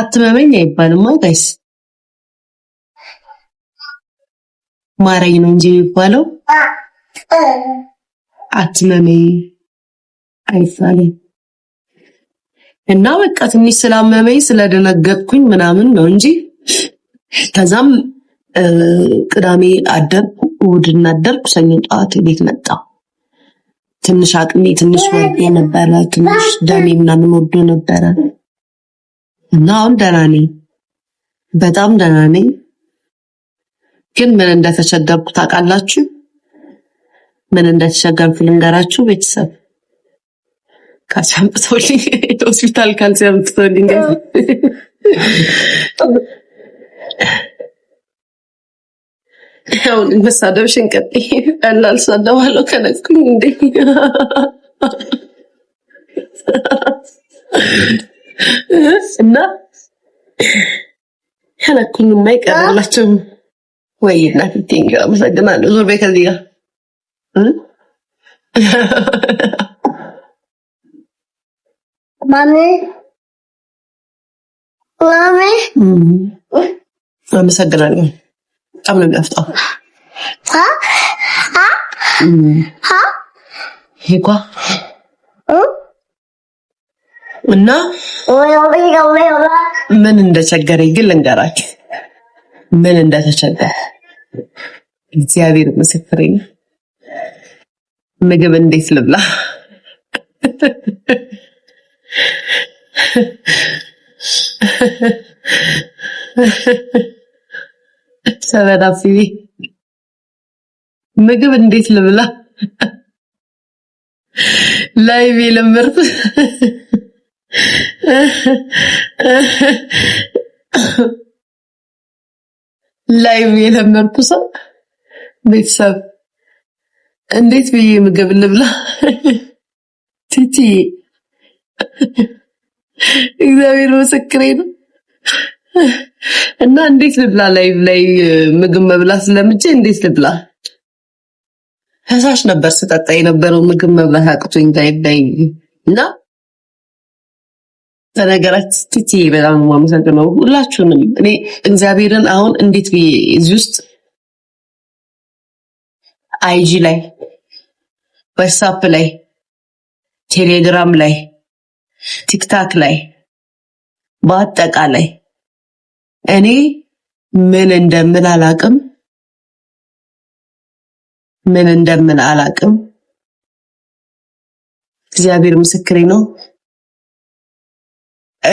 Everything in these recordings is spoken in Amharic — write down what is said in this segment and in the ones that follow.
አትመመኝ አይባልም ጋይስ፣ ማረኝ ነው እንጂ የሚባለው። አትመመኝ አይባልም። እና በቃ ትንሽ ስላመመኝ ስለደነገጥኩኝ ምናምን ነው እንጂ ከዛም ቅዳሜ አደርኩ፣ እሑድ እናደርኩ፣ ሰኞ ጠዋት ቤት መጣ። ትንሽ አቅሜ ትንሽ ወርዶ ነበረ። ትንሽ ደሜ ምናምን ወርዶ ነበረ እና አሁን ደህና ነኝ፣ በጣም ደህና ነኝ። ግን ምን እንደተቸገርኩ ታውቃላችሁ? ምን እንደተቸገርኩ ልንገራችሁ ቤተሰብ ካሲያምጥቶልኝ ሆስፒታል ካልሲያምጥቶልኝ አሁን መሳደብ ሽንቀጤ ቀላል ሳደባለው ከነኩኝ እንዴ እና ከነኩኝ የማይቀርላቸው ወይ እናፊቴ አመሰግናለሁ። ዞር በይ ከዚህ ጋር ማሜ ማሜ አመሰግናለሁ። በጣም ነው የሚጣፍጠው። ይጓ እና ምን እንደቸገረኝ ግን ልንገራችሁ፣ ምን እንደተቸገረ እግዚአብሔር ምስክሬን። ምግብ እንዴት ልብላ ሰበራ ምግብ እንዴት ልብላ? ላይቭ የለመርኩ ላይቪ የለመርኩ ሰው ቤተሰብ እንዴት ብዬ ምግብ ልብላ? ቲቲ እግዚአብሔር ምስክሬ ነው። እና እንዴት ልብላ ላይቭ ላይ ምግብ መብላት ስለምጄ እንዴት ልብላ? ፈሳሽ ነበር ስጠጣ የነበረው ምግብ መብላት አቅቶኝ ላይቭ ላይ እና ተነገራት ትቲ በጣም የማመሰግነው ሁላችሁንም። እኔ እግዚአብሔርን አሁን እንዴት ብዬ እዚህ ውስጥ አይጂ ላይ፣ ዋትሳፕ ላይ፣ ቴሌግራም ላይ፣ ቲክታክ ላይ በአጠቃላይ እኔ ምን እንደምል አላቅም፣ ምን እንደምል አላቅም። እግዚአብሔር ምስክሬ ነው።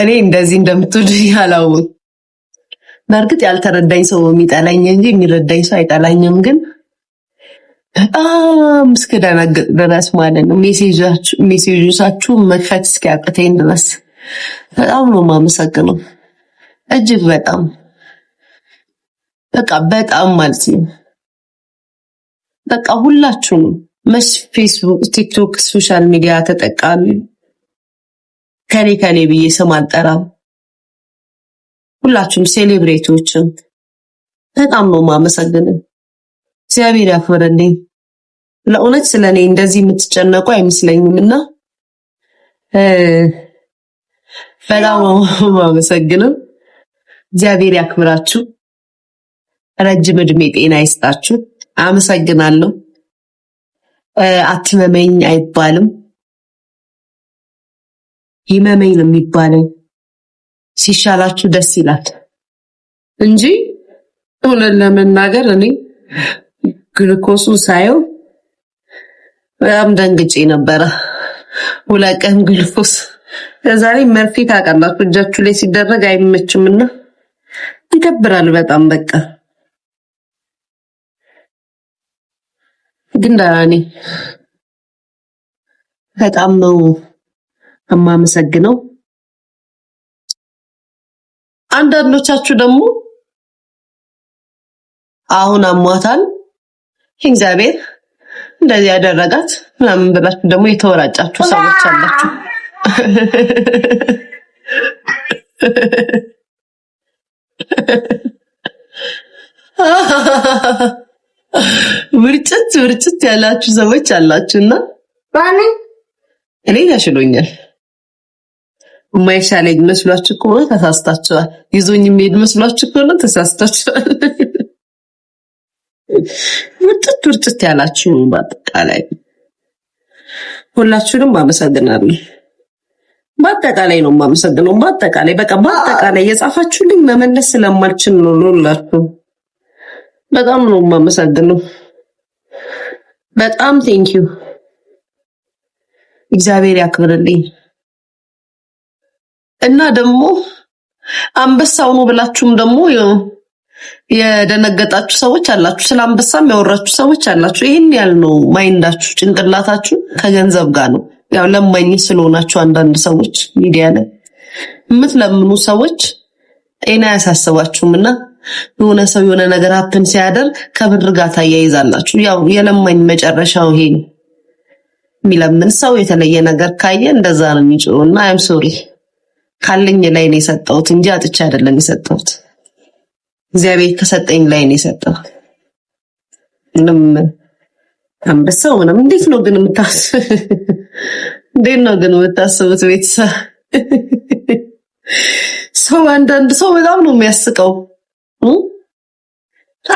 እኔ እንደዚህ እንደምትወድ ያላውቅ። በእርግጥ ያልተረዳኝ ሰው የሚጠላኝ እንጂ የሚረዳኝ ሰው አይጠላኝም። ግን በጣም እስክደነግጥ ድረስ ማለት ነው ሜሴጆቻችሁ መክፈት እስኪያቅተኝ ድረስ በጣም ነው የማመሰግነው። እጅግ በጣም በቃ በጣም ማለት ነው። በቃ ሁላችሁም መች ፌስቡክ፣ ቲክቶክ፣ ሶሻል ሚዲያ ተጠቃሚ ከኔ ከኔ ብዬ ስም አልጠራም። ሁላችሁም ሴሌብሬቶችም በጣም ነው ማመሰግነው። እግዚአብሔር ያክብርልኝ። ለእውነት ስለኔ እንደዚህ የምትጨነቁ አይመስለኝም እና በጣም ነው እግዚአብሔር ያክብራችሁ፣ ረጅም እድሜ ጤና ይስጣችሁ። አመሰግናለሁ። አትመመኝ አይባልም፣ ይመመኝ ነው የሚባለው። ሲሻላችሁ ደስ ይላል እንጂ እውነት ለመናገር እኔ ግልኮሱ ሳየው በጣም ደንግጬ ነበረ። ሁለት ቀን ግልኮስ ለዛሬ መርፌ ታውቃላችሁ እጃችሁ ላይ ሲደረግ አይመችምና ይደብራል በጣም በቃ። ግን ዳኔ በጣም ነው የማመሰግነው። አንዳንዶቻችሁ ደግሞ አሁን አሟታል እግዚአብሔር እንደዚህ ያደረጋት ምናምን ብላችሁ ደግሞ የተወራጫችሁ ሰዎች አላችሁ። ውርጭት ውርጭት ያላችሁ ሰዎች አላችሁና እኔ ያሽሎኛል። የማይሻለኝ መስሏችሁ ከሆነ ተሳስታችኋል። ይዞኝ የሚሄድ መስሏችሁ ከሆነ ተሳስታችኋል። ውርጭት ውርጭት ያላችሁ በአጠቃላይ ሁላችሁንም አመሰግናለሁ። በአጠቃላይ ነው የማመሰግነው። በአጠቃላይ በቃ በአጠቃላይ የጻፋችሁልኝ መመለስ ስለማልችል ነው ልላችሁ። በጣም ነው የማመሰግነው። በጣም ዩ። እግዚአብሔር ያክብርልኝ እና ደግሞ አንበሳው ነው ብላችሁም ደግሞ የደነገጣችሁ ሰዎች አላችሁ። ስለ አንበሳም ያወራችሁ ሰዎች አላችሁ። ይህን ያህል ነው ማይንዳችሁ፣ ጭንቅላታችሁ ከገንዘብ ጋር ነው። ያው ለማኝ ስለሆናችሁ አንዳንድ ሰዎች ሚዲያ ላይ የምትለምኑ ሰዎች ጤና አያሳስባችሁም እና የሆነ ሰው የሆነ ነገር ሀፕን ሲያደርግ ከብር ጋር ታያይዛላችሁ። ያው የለማኝ መጨረሻው ይሄ ነው። የሚለምን ሰው የተለየ ነገር ካየ እንደዛ ነው የሚጮኸው። እና አይም ሶሪ ካለኝ ላይ ነው የሰጠሁት እንጂ አጥቻ አይደለም የሰጠሁት። እግዚአብሔር ከሰጠኝ ላይ ነው የሰጠሁት ምንም አንበሳው ምናም እንዴት ነው ግን የምታስ እንዴት ነው ግን የምታስቡት? ቤተሰብ ሰው አንዳንድ ሰው በጣም ነው የሚያስቀው።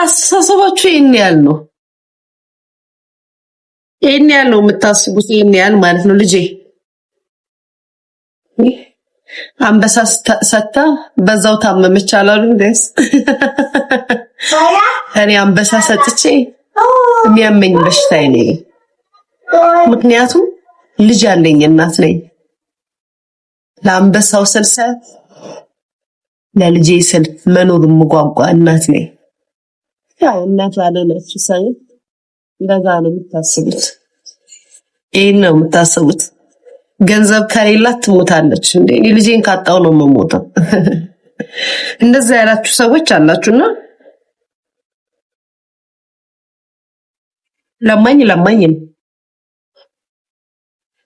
አስተሳሰባችሁ ይህን ያህል ነው፣ ይህን ያህል ነው የምታስቡት፣ ይህን ያህል ማለት ነው። ልጄ አንበሳ ሰታ በዛው ታመመች አላሉ? እኔ አንበሳ ሰጥቼ የሚያመኝ በሽታዬ ነው። ምክንያቱም ልጅ አለኝ፣ እናት ነኝ። ለአንበሳው ስልሰብ ለልጄ ስል መኖር የምጓጓ እናት ነኝ። ያው እናት ያለነችው ሰው እንደዛ ነው የምታስቡት። ይህን ነው የምታስቡት። ገንዘብ ከሌላት ትሞታለች እንዴ? ልጄን ካጣው ነው የምሞተው። እንደዛ ያላችሁ ሰዎች አላችሁና ለማኝ ለማኝም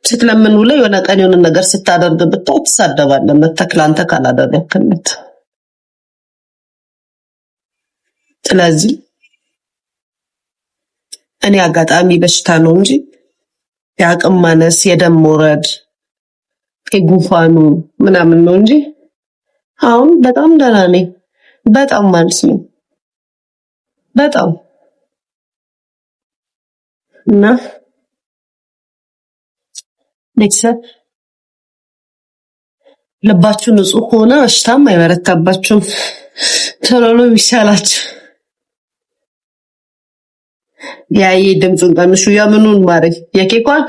ስትለምን ውለህ የሆነ ቀን የሆነ ነገር ስታደርግ ብታይ ትሳደባለህ። መተህ ለአንተ ካላደረክነት ስለዚህ እኔ አጋጣሚ በሽታ ነው እንጂ የአቅም ማነስ የደም መውረድ የጉንፋኑ ምናምን ነው እንጂ አሁን በጣም ደህና ነኝ። በጣም ማለት ነው በጣም 9, ቤተሰብ ልባችሁ ንጹህ ከሆነ በሽታም አይበረታባችሁም። ቶሎ ነው የሚሻላችሁ። ያየ ድምፁን ቀንሹ። የምኑን ማረ የኬኳን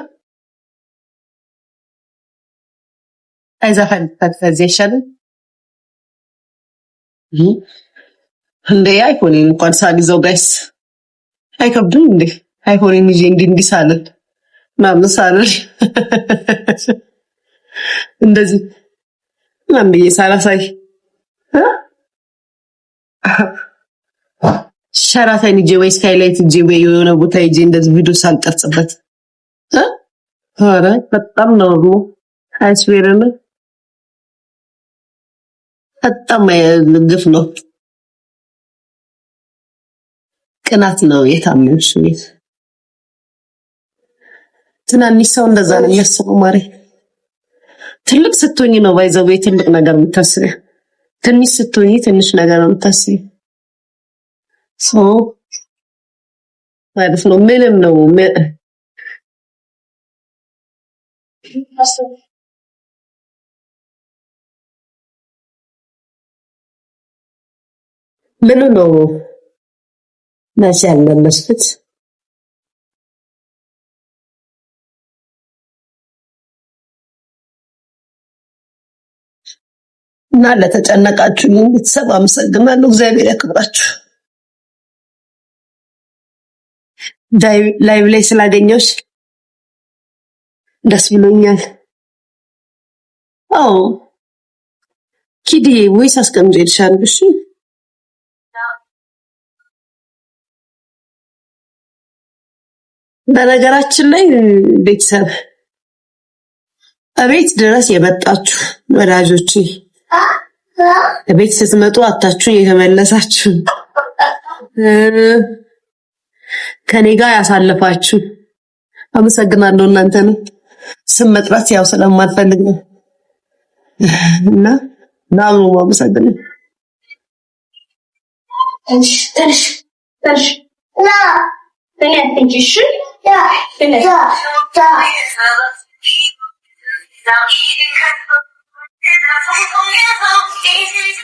አይዛፈን ታክታዜሽን እንዴ አይፎኔን እንኳን ሳዲዘው ጋይስ አይከብድም እንዴ? አይሆንም ይዤ እንዲንዲሳልን ምናምን ሳልል እንደዚህ ምናምን ብዬ ሳላሳይ ሸራተን እጄ ወይ ስካይላይት እጄ ወይ የሆነ ቦታ እጄ እንደዚህ ቪዲዮ ሳልቀርጽበት ኧረ በጣም ነው ነው አይስቤርን በጣም ግፍ ነው። ቅናት ነው የታመምሽ ቤት ትናንሽ ሰው እንደዛ ነው የሚያስበው። ማሬ ትልቅ ስትሆኝ ነው ባይዘው ትልቅ ነገር የምታስቢ። ትንሽ ስትሆኝ ትንሽ ነገር ነው የምታስቢ። ሰው ማለት ነው ምንም ነው ምን ነው መቼ ያልመለስኩት እና ለተጨነቃችሁ ቤተሰብ አመሰግናለሁ። እግዚአብሔር ያክብራችሁ። ላይቭ ላይ ስላገኘሁሽ ደስ ብሎኛል። አዎ ኪዲ ወይስ አስቀምጬልሻለሁ? እሺ በነገራችን ላይ ቤተሰብ እቤት ድረስ የመጣችሁ ወዳጆቼ ቤት ስትመጡ አታችሁን የተመለሳችሁ ከኔ ጋር ያሳልፋችሁ። አመሰግናለሁ። እናንተ ነው ስም መጥራት ያው ስለማልፈልግ ነው እና በጣም ነው አመሰግናለሁ። እሺ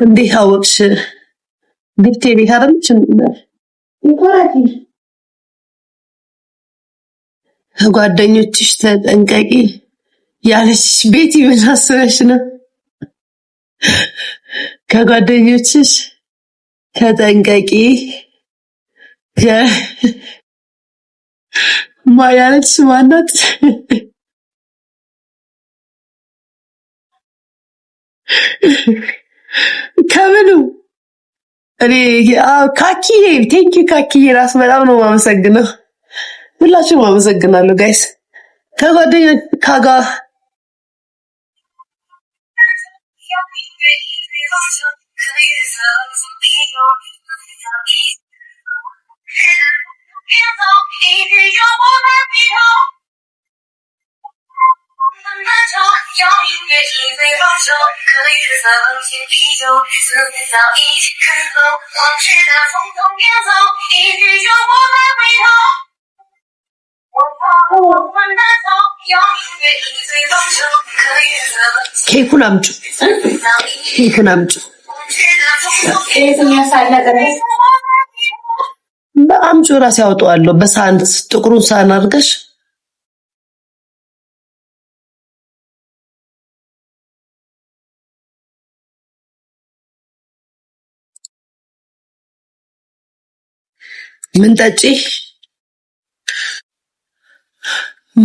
እንዴት አወቅሽ? ግብቴ ቤት አረምች ጓደኞችሽ ተጠንቀቂ ያለችሽ ቤቲ ምን አስበሽ ነው? ከጓደኞችሽ ተጠንቀቂ ማ ያለችሽ ማናት? ከምኑ ካኪዬ ቴንኪ ካኪዬ ራስ በጣም ነው ማመሰግነው። ሁላችሁም አመሰግናለሁ ጋይስ ከጓደኛ ካጋ 一杯红酒，可以喝三瓶啤酒，昨天早已经看透，往事它匆匆飘走，一句就不再回头。ኬኩን አምጩ፣ ኬኩን አምጩ። አምጩ ራስ ያውጠዋለሁ። በሳህን ጥቁሩን ሳህን አድርገሽ ምን ጠጪ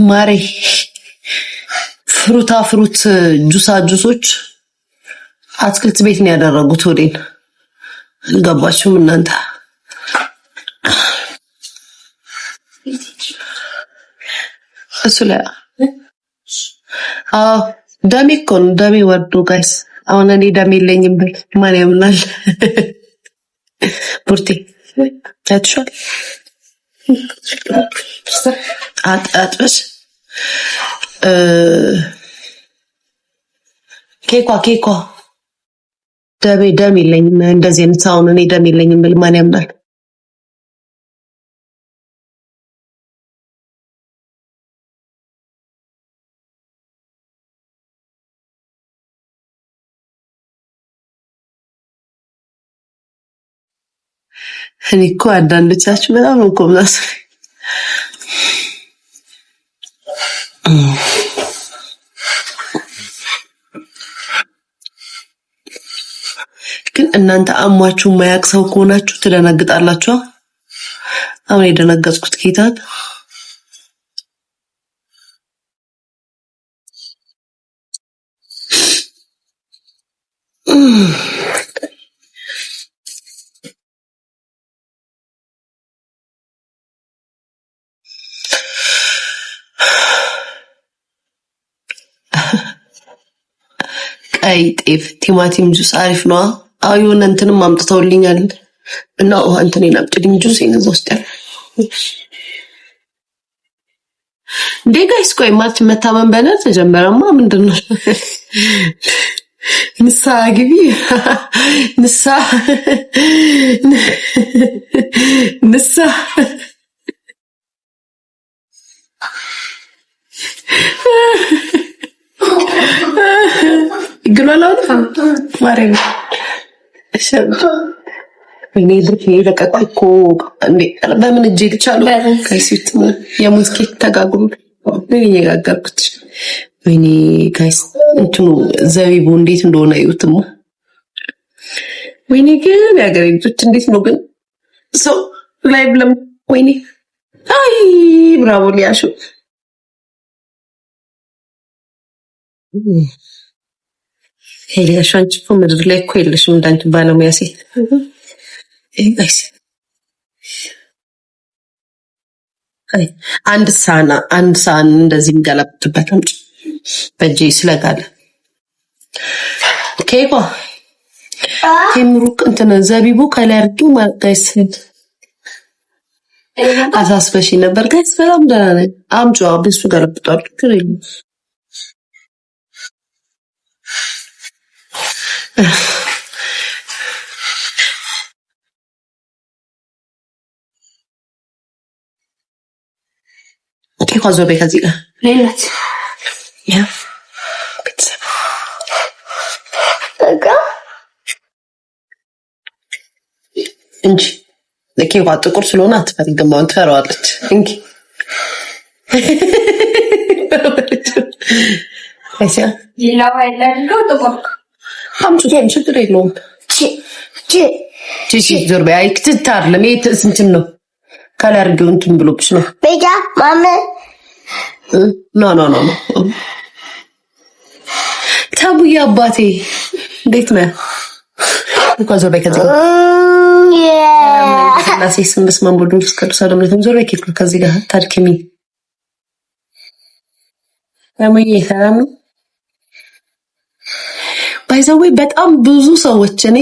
ማሬ? ፍሩታ ፍሩት ጁሳ ጁሶች አትክልት ቤት ነው ያደረጉት። ወዴን አልገባችሁም እናንተ? እሱ ላይ አዎ፣ ደሜ እኮ ነው ደሜ ወርዶ ጋይስ። አሁን እኔ ደሜ የለኝም ብል ማን ያምናል? ቡርቴ ኬኳ ኬኳ ደሜ ደም የለኝም እንደዚህ አይነት አሁን እኔ ደም የለኝም ብል ማን ያምናል? እኔ እኮ አንዳንዶቻችሁ በጣም ነው እኮ ግን እናንተ አሟችሁ ማያቅ ሰው ከሆናችሁ ትደነግጣላችሁ። አሁን የደነገጥኩት ጌታን አይ ጤፍ፣ ቲማቲም ጁስ አሪፍ ነዋ። አዎ የሆነ እንትንም አምጥተውልኛል እና ውሃ እንትን ናምጭድኝ ጁስ ነዛ ውስጥ ያለ እንዴ ጋይስ፣ ቆይ ማት መታመን በነር ተጀመረማ። ምንድን ነው ንሳ ግቢ ንሳ ንሳ ይግሏል አሁን ማረኝ እኔ በምን እጄ ልቻሉ ከሴት የሙዝ ኬክ ተጋግሩ ምን እየጋገርኩት ወይኔ ጋይስ እንትኑ ዘቢቡ እንዴት እንደሆነ እዩትም። ወይኔ ግን የሀገሬ ልጆች እንዴት ነው ግን ሰው ላይ ብለም ወይኔ አይ ብራቦ ሊያሹ ሄሊያሽ አንቺ እኮ ምድር ላይ እኮ የለሽም እንዳንቺ ባለሙያ ሴት። አንድ ሳና አንድ ሳን እንደዚህ እንገላብጥበት አምጪ። በእጅ ስለጋለ ኬኳ ቴምሩቅ እንትን ዘቢቡ ከላይ አድርጊ ማለት ጋይስ፣ አሳስበሽ ነበር ጋይስ። በጣም ደህና ነኝ። አምጪዋ ብሱ ገለብጧል። ችግር የለም ኳዞ ቤ ከዚህ ጋር ቤተሰብ እንጂ ልኬኳ ጥቁር ስለሆነ አትፈልግም። አሁን ትፈራዋለች እንጂ ሌላው አምጡት ችግር የለውም። ቺቺ ዞር በይ። ክትት አይደለም ይሄ እንትን ነው። ከለር እንትን ብሎብሽ ነው። ቤጃ ማም ኖ ኖ ኖ ታቡዬ አባቴ እንዴት ነህ? እንኳን ዞር በይ ከዚህ ስላሴ ስም በስመ አብ ወወልድ ወመንፈስ ቅዱስ አሐዱ አምላክ። ዞር በይ ከዚህ ጋር ታድክሚኝ። ሰላም ነው ባይዘዌ በጣም ብዙ ሰዎች እኔ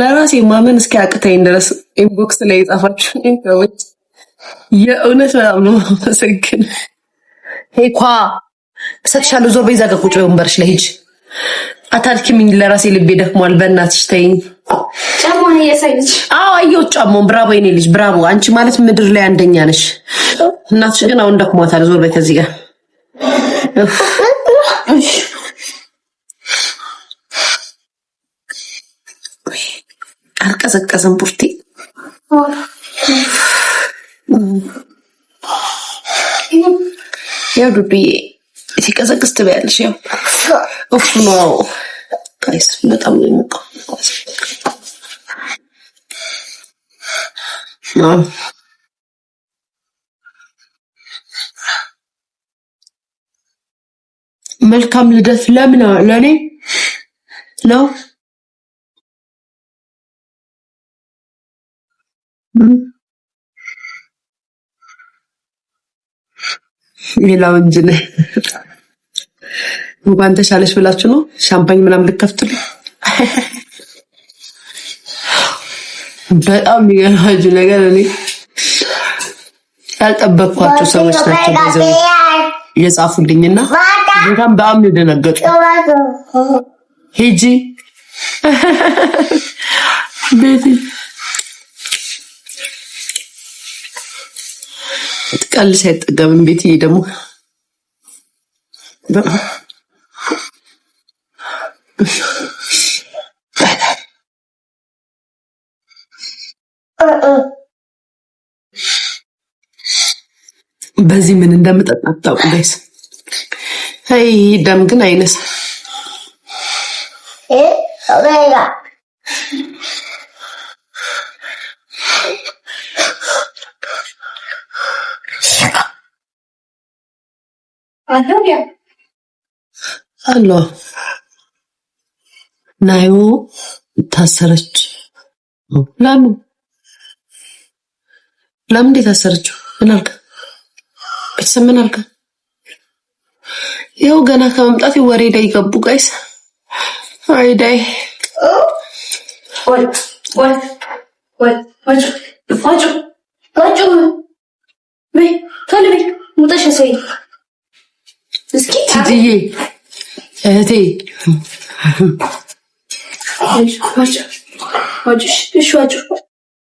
ለራሴ ማመን እስኪያቅተኝ ድረስ ኢንቦክስ ላይ የጻፋችሁ ሰዎች የእውነት በጣም ነው መሰግን ሄኳ እሰጥሻለሁ። ዞር በይዛ ጋር ቁጭ በይ ወንበርሽ ላይ ሂጅ። አታድክሚኝ። ለራሴ ልቤ ደክሟል። በእናትሽ ተይኝ። ጫማን እያሳይሽ። አዎ አየሁት ጫማውን። ብራቮ የኔ ልጅ ብራቮ። አንቺ ማለት ምድር ላይ አንደኛ ነሽ። እናትሽ ግን አሁን ደክሟታል። ዞር በይ ከዚህ ጋር የተቀዘቀዘ እንቡርቴ ያው ዱዱዬ ሲቀዘቅዝ ትበያለሽ። ያው እፍ ነው። ጋይስ በጣም ነው የሚሞቀው። መልካም ልደት ለምን ለእኔ ነው። ሌላው እንጂ እንኳን ተሻለሽ ብላችሁ ነው ሻምፓኝ ምናምን ልከፍትል። በጣም የሚገርማችሁ ነገር እኔ ያልጠበቅኳቸው ሰዎች ናቸው ዘ የጻፉልኝና በጣም በጣም የደነገጡ ሂጂ ቤቴ ቀልስ አይጠገብም። ቤትዬ ደግሞ በዚህ ምን እንደምጠጣ አታውቁ ጋይስ። አይ ደም ግን አይነሳ አሎ ናዮ ታሰረች። ለምን ለምን የታሰረችው? ምን አልጋ ቤተሰብ ምን አልጋ? ይኸው ገና ከመምጣት ወሬ ዳይ ገቡ። ጋይስ አይዳይ ወጭ እትዬ እህቴ እሺ